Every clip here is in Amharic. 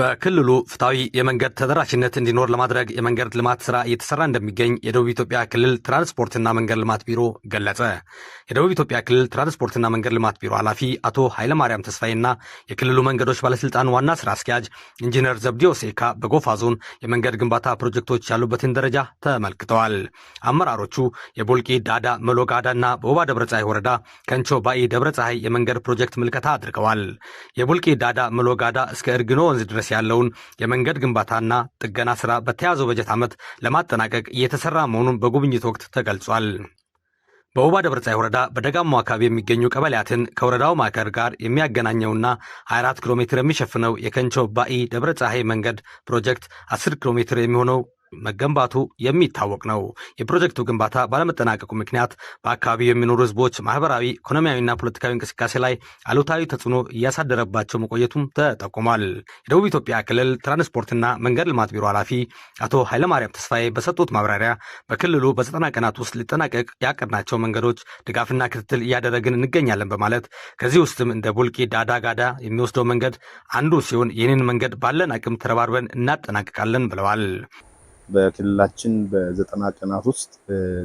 በክልሉ ፍትሐዊ የመንገድ ተደራሽነት እንዲኖር ለማድረግ የመንገድ ልማት ስራ እየተሰራ እንደሚገኝ የደቡብ ኢትዮጵያ ክልል ትራንስፖርትና መንገድ ልማት ቢሮ ገለጸ። የደቡብ ኢትዮጵያ ክልል ትራንስፖርትና መንገድ ልማት ቢሮ ኃላፊ አቶ ኃይለማርያም ተስፋዬና የክልሉ መንገዶች ባለስልጣን ዋና ስራ አስኪያጅ ኢንጂነር ዘብዲዮ ሴካ በጎፋ ዞን የመንገድ ግንባታ ፕሮጀክቶች ያሉበትን ደረጃ ተመልክተዋል። አመራሮቹ የቦልቂ ዳዳ፣ መሎጋዳና ደብረ ፀሐይ ወረዳ ከንቾ ባኢ ፀሐይ የመንገድ ፕሮጀክት ምልከታ አድርገዋል። የቦልቂ ዳዳ መሎጋዳ እስከ እርግኖ ወንዝ ድረስ ድረስ ያለውን የመንገድ ግንባታና ጥገና ስራ በተያዘው በጀት ዓመት ለማጠናቀቅ እየተሰራ መሆኑን በጉብኝት ወቅት ተገልጿል። በውባ ደብረጻይ ወረዳ በደጋማው አካባቢ የሚገኙ ቀበሌያትን ከወረዳው ማዕከል ጋር የሚያገናኘውና 24 ኪሎ ሜትር የሚሸፍነው የከንቾ ባኢ ደብረ ፀሐይ መንገድ ፕሮጀክት 10 ኪሎ ሜትር የሚሆነው መገንባቱ የሚታወቅ ነው። የፕሮጀክቱ ግንባታ ባለመጠናቀቁ ምክንያት በአካባቢው የሚኖሩ ህዝቦች ማህበራዊ፣ ኢኮኖሚያዊና ፖለቲካዊ እንቅስቃሴ ላይ አሉታዊ ተጽዕኖ እያሳደረባቸው መቆየቱም ተጠቁሟል። የደቡብ ኢትዮጵያ ክልል ትራንስፖርትና መንገድ ልማት ቢሮ ኃላፊ አቶ ኃይለማርያም ተስፋዬ በሰጡት ማብራሪያ በክልሉ በዘጠና ቀናት ውስጥ ሊጠናቀቅ ያቀድናቸው መንገዶች ድጋፍና ክትትል እያደረግን እንገኛለን በማለት ከዚህ ውስጥም እንደ ቡልቂ ዳዳ ጋዳ የሚወስደው መንገድ አንዱ ሲሆን ይህንን መንገድ ባለን አቅም ተረባርበን እናጠናቅቃለን ብለዋል። በክልላችን በዘጠና ቀናት ውስጥ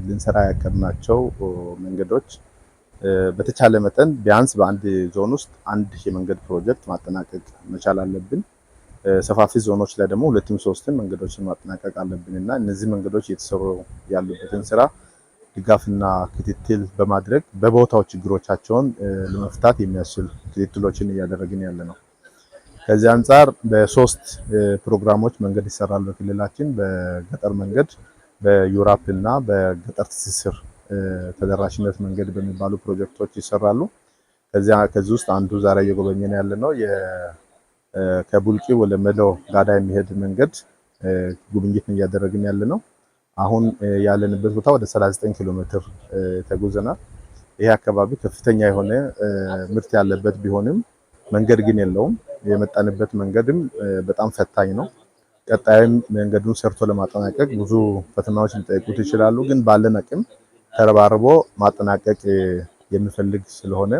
ልንሰራ ያቀድናቸው መንገዶች በተቻለ መጠን ቢያንስ በአንድ ዞን ውስጥ አንድ የመንገድ ፕሮጀክት ማጠናቀቅ መቻል አለብን። ሰፋፊ ዞኖች ላይ ደግሞ ሁለትም ሶስትም መንገዶችን ማጠናቀቅ አለብን እና እነዚህ መንገዶች እየተሰሩ ያሉበትን ስራ ድጋፍና ክትትል በማድረግ በቦታው ችግሮቻቸውን ለመፍታት የሚያስችል ክትትሎችን እያደረግን ያለ ነው። ከዚህ አንጻር በሶስት ፕሮግራሞች መንገድ ይሰራል በክልላችን በገጠር መንገድ በዩራፕ እና በገጠር ትስስር ተደራሽነት መንገድ በሚባሉ ፕሮጀክቶች ይሰራሉ። ከዚህ ውስጥ አንዱ ዛሬ እየጎበኘን ያለ ነው። ከቡልቂ ወደ መዶ ጋዳ የሚሄድ መንገድ ጉብኝት እያደረግን ያለ ነው። አሁን ያለንበት ቦታ ወደ 39 ኪሎ ሜትር ተጉዘናል። ይሄ አካባቢ ከፍተኛ የሆነ ምርት ያለበት ቢሆንም መንገድ ግን የለውም። የመጣንበት መንገድም በጣም ፈታኝ ነው። ቀጣይም መንገዱን ሰርቶ ለማጠናቀቅ ብዙ ፈተናዎች ሊጠይቁት ይችላሉ። ግን ባለን አቅም ተረባርቦ ማጠናቀቅ የሚፈልግ ስለሆነ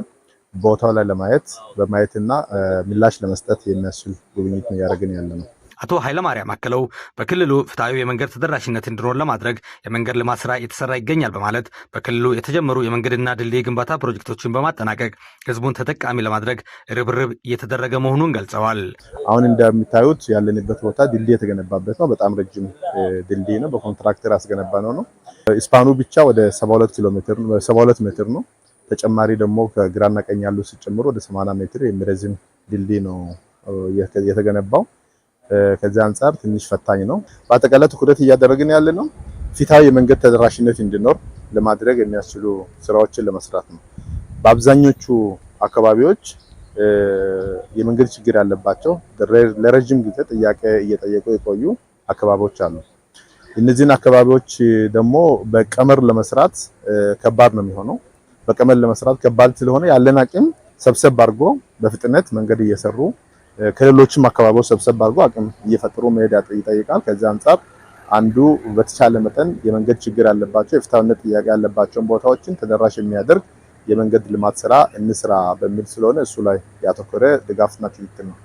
ቦታው ላይ ለማየት በማየትና ምላሽ ለመስጠት የሚያስችል ጉብኝት እያደረግን ያለ ነው። አቶ ኃይለማርያም አክለው በክልሉ ፍትሐዊ የመንገድ ተደራሽነት እንዲኖር ለማድረግ የመንገድ ልማት ስራ እየተሰራ ይገኛል በማለት በክልሉ የተጀመሩ የመንገድና ድልድይ ግንባታ ፕሮጀክቶችን በማጠናቀቅ ህዝቡን ተጠቃሚ ለማድረግ ርብርብ እየተደረገ መሆኑን ገልጸዋል። አሁን እንደሚታዩት ያለንበት ቦታ ድልድይ የተገነባበት ነው። በጣም ረጅም ድልድይ ነው። በኮንትራክተር ያስገነባ ነው ነው ስፓኑ ብቻ ወደ 72 ኪሎ ሜትር ነው 72 ሜትር ነው። ተጨማሪ ደግሞ ከግራና ቀኝ ያሉ ሲጨምሩ ወደ 80 ሜትር የሚረዝም ድልድይ ነው የተገነባው። ከዚህ አንጻር ትንሽ ፈታኝ ነው። በአጠቃላይ ትኩረት እያደረግን ያለ ነው ፊታዊ የመንገድ ተደራሽነት እንዲኖር ለማድረግ የሚያስችሉ ስራዎችን ለመስራት ነው። በአብዛኞቹ አካባቢዎች የመንገድ ችግር ያለባቸው ለረጅም ጊዜ ጥያቄ እየጠየቁ የቆዩ አካባቢዎች አሉ። እነዚህን አካባቢዎች ደግሞ በቀመር ለመስራት ከባድ ነው የሚሆነው። በቀመር ለመስራት ከባድ ስለሆነ ያለን አቅም ሰብሰብ አድርጎ በፍጥነት መንገድ እየሰሩ ከሌሎችም አካባቢዎች ሰብሰብ አድርጎ አቅም እየፈጠሩ መሄድ ይጠይቃል። ከዚህ አንጻር አንዱ በተቻለ መጠን የመንገድ ችግር ያለባቸው የፍትሐዊነት ጥያቄ ያለባቸውን ቦታዎችን ተደራሽ የሚያደርግ የመንገድ ልማት ስራ እንስራ በሚል ስለሆነ እሱ ላይ ያተኮረ ድጋፍና ክትትል ነው።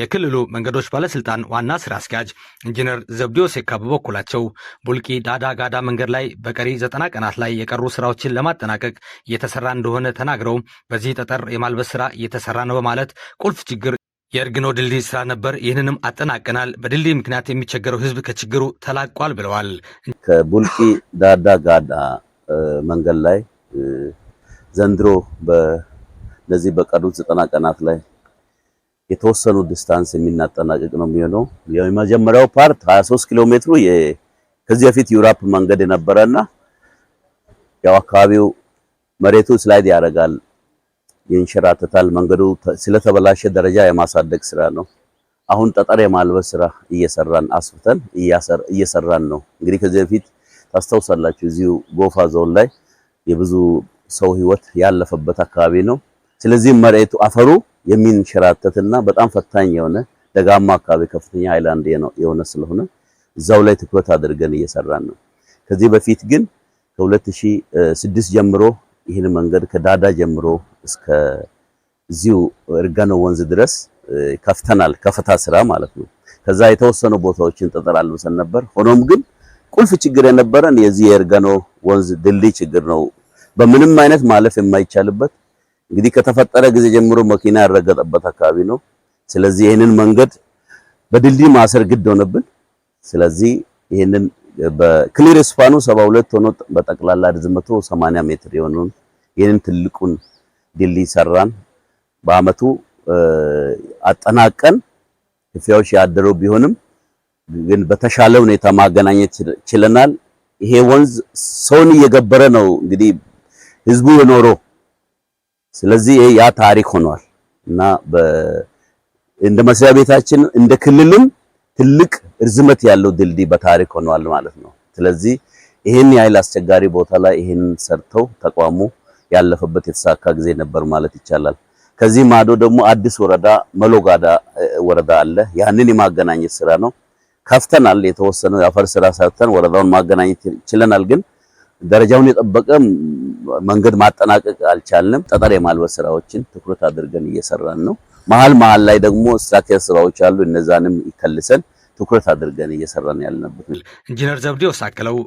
የክልሉ መንገዶች ባለስልጣን ዋና ስራ አስኪያጅ ኢንጂነር ዘብዲዮስ ሴካ በበኩላቸው ቡልቂ ዳዳ ጋዳ መንገድ ላይ በቀሪ ዘጠና ቀናት ላይ የቀሩ ስራዎችን ለማጠናቀቅ እየተሰራ እንደሆነ ተናግረው በዚህ ጠጠር የማልበስ ስራ እየተሰራ ነው በማለት ቁልፍ ችግር የእርግኖ ድልድይ ስራ ነበር። ይህንንም አጠናቀናል። በድልድይ ምክንያት የሚቸገረው ህዝብ ከችግሩ ተላቋል ብለዋል። ከቡልቂ ዳዳ ጋዳ መንገድ ላይ ዘንድሮ በነዚህ በቀዱት ዘጠና ቀናት ላይ የተወሰኑ ዲስታንስ የሚናጠናቀቅ ነው የሚሆነው። የመጀመሪያው ፓርት 23 ኪሎ ሜትሩ ከዚህ በፊት ዩራፕ መንገድ የነበረና ያው አካባቢው መሬቱ ስላይድ ያደርጋል ይንሸራተታል። መንገዱ ስለተበላሸ ደረጃ የማሳደግ ስራ ነው። አሁን ጠጠር የማልበስ ስራ እየሰራን አስፍተን እየሰራን ነው። እንግዲህ ከዚህ በፊት ታስታውሳላችሁ እዚሁ ጎፋ ዞን ላይ የብዙ ሰው ህይወት ያለፈበት አካባቢ ነው። ስለዚህ መሬቱ አፈሩ የሚንሸራተትና በጣም ፈታኝ የሆነ ደጋማ አካባቢ ከፍተኛ ሃይላንድ የሆነ ስለሆነ እዛው ላይ ትኩረት አድርገን እየሰራን ነው። ከዚህ በፊት ግን ከ2006 ጀምሮ ይህን መንገድ ከዳዳ ጀምሮ እስከ እዚሁ እርጋነው ወንዝ ድረስ ከፍተናል። ከፍታ ስራ ማለት ነው። ከዛ የተወሰኑ ቦታዎችን ጠጠር አልብሰን ነበር። ሆኖም ግን ቁልፍ ችግር የነበረን የዚህ የእርጋነው ወንዝ ድልድይ ችግር ነው። በምንም አይነት ማለፍ የማይቻልበት እንግዲህ ከተፈጠረ ጊዜ ጀምሮ መኪና ያረገጠበት አካባቢ ነው። ስለዚህ ይህንን መንገድ በድልድይ ማሰር ግድ ሆነብን። ስለዚህ ይህንን በክሊር ስፓኑ 72 ሆኖ በጠቅላላ ርዝመቱ 80 ሜትር የሆነውን ይህንን ትልቁን ድልድይ ሰራን። በአመቱ አጠናቀን ክፍያዎች ያደሩ ቢሆንም ግን በተሻለ ሁኔታ ማገናኘት ችለናል። ይሄ ወንዝ ሰውን እየገበረ ነው እንግዲህ ህዝቡ የኖሮ ስለዚህ ያ ታሪክ ሆኗል እና እንደ መስሪያ ቤታችን እንደ ክልልም ትልቅ እርዝመት ያለው ድልድይ በታሪክ ሆኗል ማለት ነው። ስለዚህ ይህን ያህል አስቸጋሪ ቦታ ላይ ይህን ሰርተው ተቋሙ ያለፈበት የተሳካ ጊዜ ነበር ማለት ይቻላል። ከዚህ ማዶ ደግሞ አዲስ ወረዳ መሎጋዳ ወረዳ አለ። ያንን የማገናኘት ስራ ነው ከፍተናል። የተወሰነ የአፈር ስራ ሰርተን ወረዳውን ማገናኘት ችለናል። ግን ደረጃውን የጠበቀ መንገድ ማጠናቀቅ አልቻልንም። ጠጠር የማልበስ ስራዎችን ትኩረት አድርገን እየሰራን ነው። መሀል መሀል ላይ ደግሞ ስትራክቸር ስራዎች አሉ። እነዛንም ይከልሰን ትኩረት አድርገን እየሰራን ያለንበት ኢንጂነር ዘብዴዎስ አክለው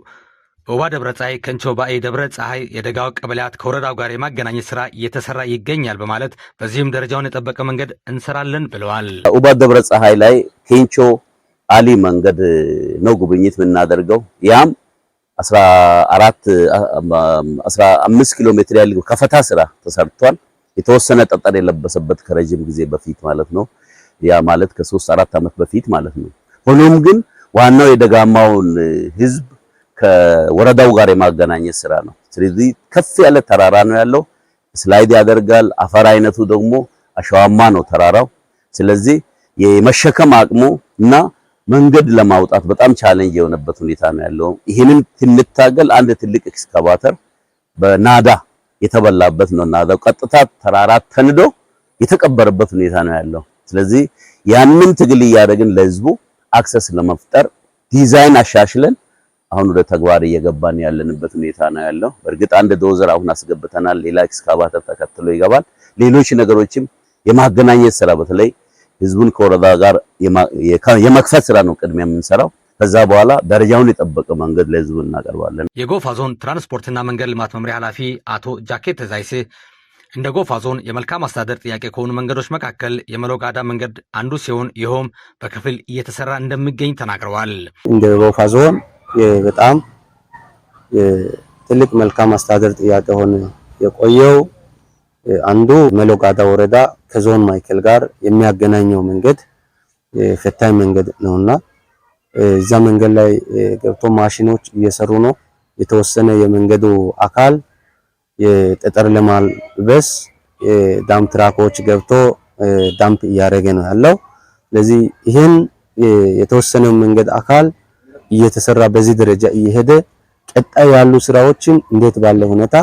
ኦባ ደብረ ፀሐይ ባኤ ደብረ ፀሐይ የደጋው ቀበሌያት ከወረዳው ጋር የማገናኘት ስራ እየተሰራ ይገኛል በማለት በዚህም ደረጃውን የጠበቀ መንገድ እንሰራለን ብለዋል። ኦባ ደብረ ፀሐይ ላይ ኬንቾ አሊ መንገድ ነው ጉብኝት የምናደርገው ያም 15 ኪሎ ሜትር ያለ ከፈታ ስራ ተሰርቷል። የተወሰነ ጠጠር የለበሰበት ከረጅም ጊዜ በፊት ማለት ነው። ያ ማለት ከሶስት አራት ዓመት በፊት ማለት ነው። ሆኖም ግን ዋናው የደጋማውን ህዝብ ከወረዳው ጋር የማገናኘት ስራ ነው። ስለዚህ ከፍ ያለ ተራራ ነው ያለው፣ ስላይድ ያደርጋል። አፈር አይነቱ ደግሞ አሸዋማ ነው ተራራው። ስለዚህ የመሸከም አቅሙ እና መንገድ ለማውጣት በጣም ቻሌንጅ የሆነበት ሁኔታ ነው ያለው። ይህንን ስንታገል አንድ ትልቅ ኤክስካቫተር በናዳ የተበላበት ነው። ናዳው ቀጥታ ተራራ ተንዶ የተቀበረበት ሁኔታ ነው ያለው። ስለዚህ ያንን ትግል እያደረግን ለህዝቡ አክሰስ ለመፍጠር ዲዛይን አሻሽለን አሁን ወደ ተግባር እየገባን ያለንበት ሁኔታ ነው ያለው። በእርግጥ አንድ ዶዘር አሁን አስገብተናል። ሌላ ኤክስካቫተር ተከትሎ ይገባል። ሌሎች ነገሮችም የማገናኘት ስራ በተለይ ህዝቡን ከወረዳ ጋር የመክፈት ስራ ነው ቅድሚያ የምንሰራው። ከዛ በኋላ ደረጃውን የጠበቀ መንገድ ለህዝቡ እናቀርባለን። የጎፋ ዞን ትራንስፖርትና መንገድ ልማት መምሪያ ኃላፊ አቶ ጃኬት ተዛይሴ እንደ ጎፋ ዞን የመልካም አስተዳደር ጥያቄ ከሆኑ መንገዶች መካከል የመሎጋዳ መንገድ አንዱ ሲሆን ይኸውም በክፍል እየተሰራ እንደሚገኝ ተናግረዋል። እንደ ጎፋ ዞን በጣም ትልቅ መልካም አስተዳደር ጥያቄ ሆነ የቆየው አንዱ መሎጋዳ ወረዳ ከዞን ማይከል ጋር የሚያገናኘው መንገድ ፈታኝ መንገድ ነውና እዛ መንገድ ላይ ገብቶ ማሽኖች እየሰሩ ነው። የተወሰነ የመንገዱ አካል የጠጠር ለማልበስ ዳም ትራኮች ገብቶ ዳምፕ እያደረገ ነው ያለው። ስለዚህ ይህን የተወሰነው መንገድ አካል እየተሰራ በዚህ ደረጃ እየሄደ ቀጣይ ያሉ ስራዎችን እንዴት ባለ ሁኔታ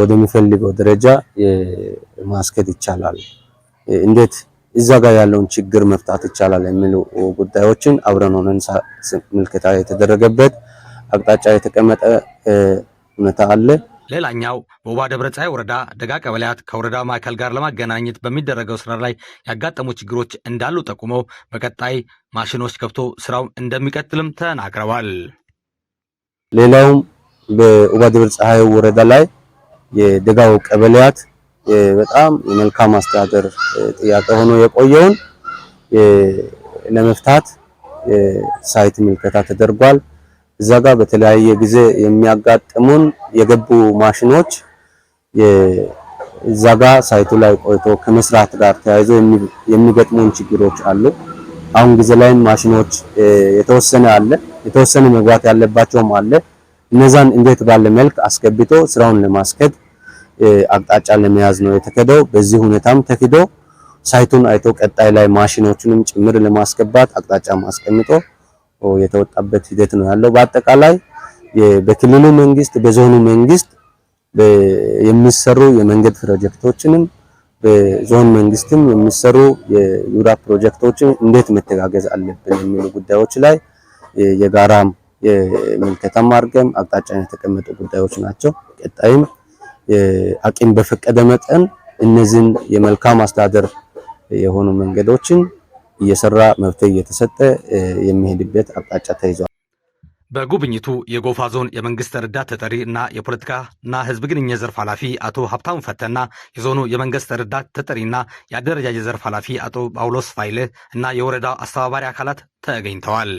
ወደሚፈልገው ደረጃ ማስኬድ ይቻላል፣ እንዴት እዛ ጋር ያለውን ችግር መፍታት ይቻላል የሚሉ ጉዳዮችን አብረን ሆነን ምልከታ የተደረገበት አቅጣጫ የተቀመጠ ሁኔታ አለ። ሌላኛው በውባ ደብረ ፀሐይ ወረዳ ደጋ ቀበሌያት ከወረዳ ማዕከል ጋር ለማገናኘት በሚደረገው ስራ ላይ ያጋጠሙ ችግሮች እንዳሉ ጠቁመው በቀጣይ ማሽኖች ገብቶ ስራው እንደሚቀጥልም ተናግረዋል። ሌላውም በውባ ደብረ ፀሐይ ወረዳ ላይ የደጋው ቀበሌያት በጣም የመልካም አስተዳደር ጥያቄ ሆኖ የቆየውን ለመፍታት ሳይት ምልከታ ተደርጓል። እዛ ጋር በተለያየ ጊዜ የሚያጋጥሙን የገቡ ማሽኖች እዛ ጋር ሳይቱ ላይ ቆይቶ ከመስራት ጋር ተያይዞ የሚገጥሙን ችግሮች አሉ። አሁን ጊዜ ላይ ማሽኖች የተወሰነ አለ የተወሰነ መግባት ያለባቸውም አለ። እነዛን እንዴት ባለ መልክ አስገብቶ ስራውን ለማስከድ አቅጣጫ ለመያዝ ነው የተከደው። በዚህ ሁኔታም ተክዶ ሳይቱን አይቶ ቀጣይ ላይ ማሽኖችንም ጭምር ለማስገባት አቅጣጫ ማስቀምጦ የተወጣበት ሂደት ነው ያለው። በአጠቃላይ በክልሉ መንግስት፣ በዞኑ መንግስት የሚሰሩ የመንገድ ፕሮጀክቶችንም በዞን መንግስትም የሚሰሩ የዩራ ፕሮጀክቶችን እንዴት መተጋገዝ አለብን የሚሉ ጉዳዮች ላይ የጋራም የምልከታም አድርገን አቅጣጫ የተቀመጡ ጉዳዮች ናቸው። ቀጣይም አቅም በፈቀደ መጠን እነዚህን የመልካም አስተዳደር የሆኑ መንገዶችን እየሰራ መፍትሄ እየተሰጠ የሚሄድበት አቅጣጫ ተይዟል። በጉብኝቱ የጎፋ ዞን የመንግስት ርዳት ተጠሪ እና የፖለቲካና ህዝብ ግንኙነት ዘርፍ ኃላፊ አቶ ሀብታሙ ፈተና የዞኑ የመንግስት ተጠሪ ተጠሪና የአደረጃጀት ዘርፍ ኃላፊ አቶ ጳውሎስ ፋይል እና የወረዳው አስተባባሪ አካላት ተገኝተዋል።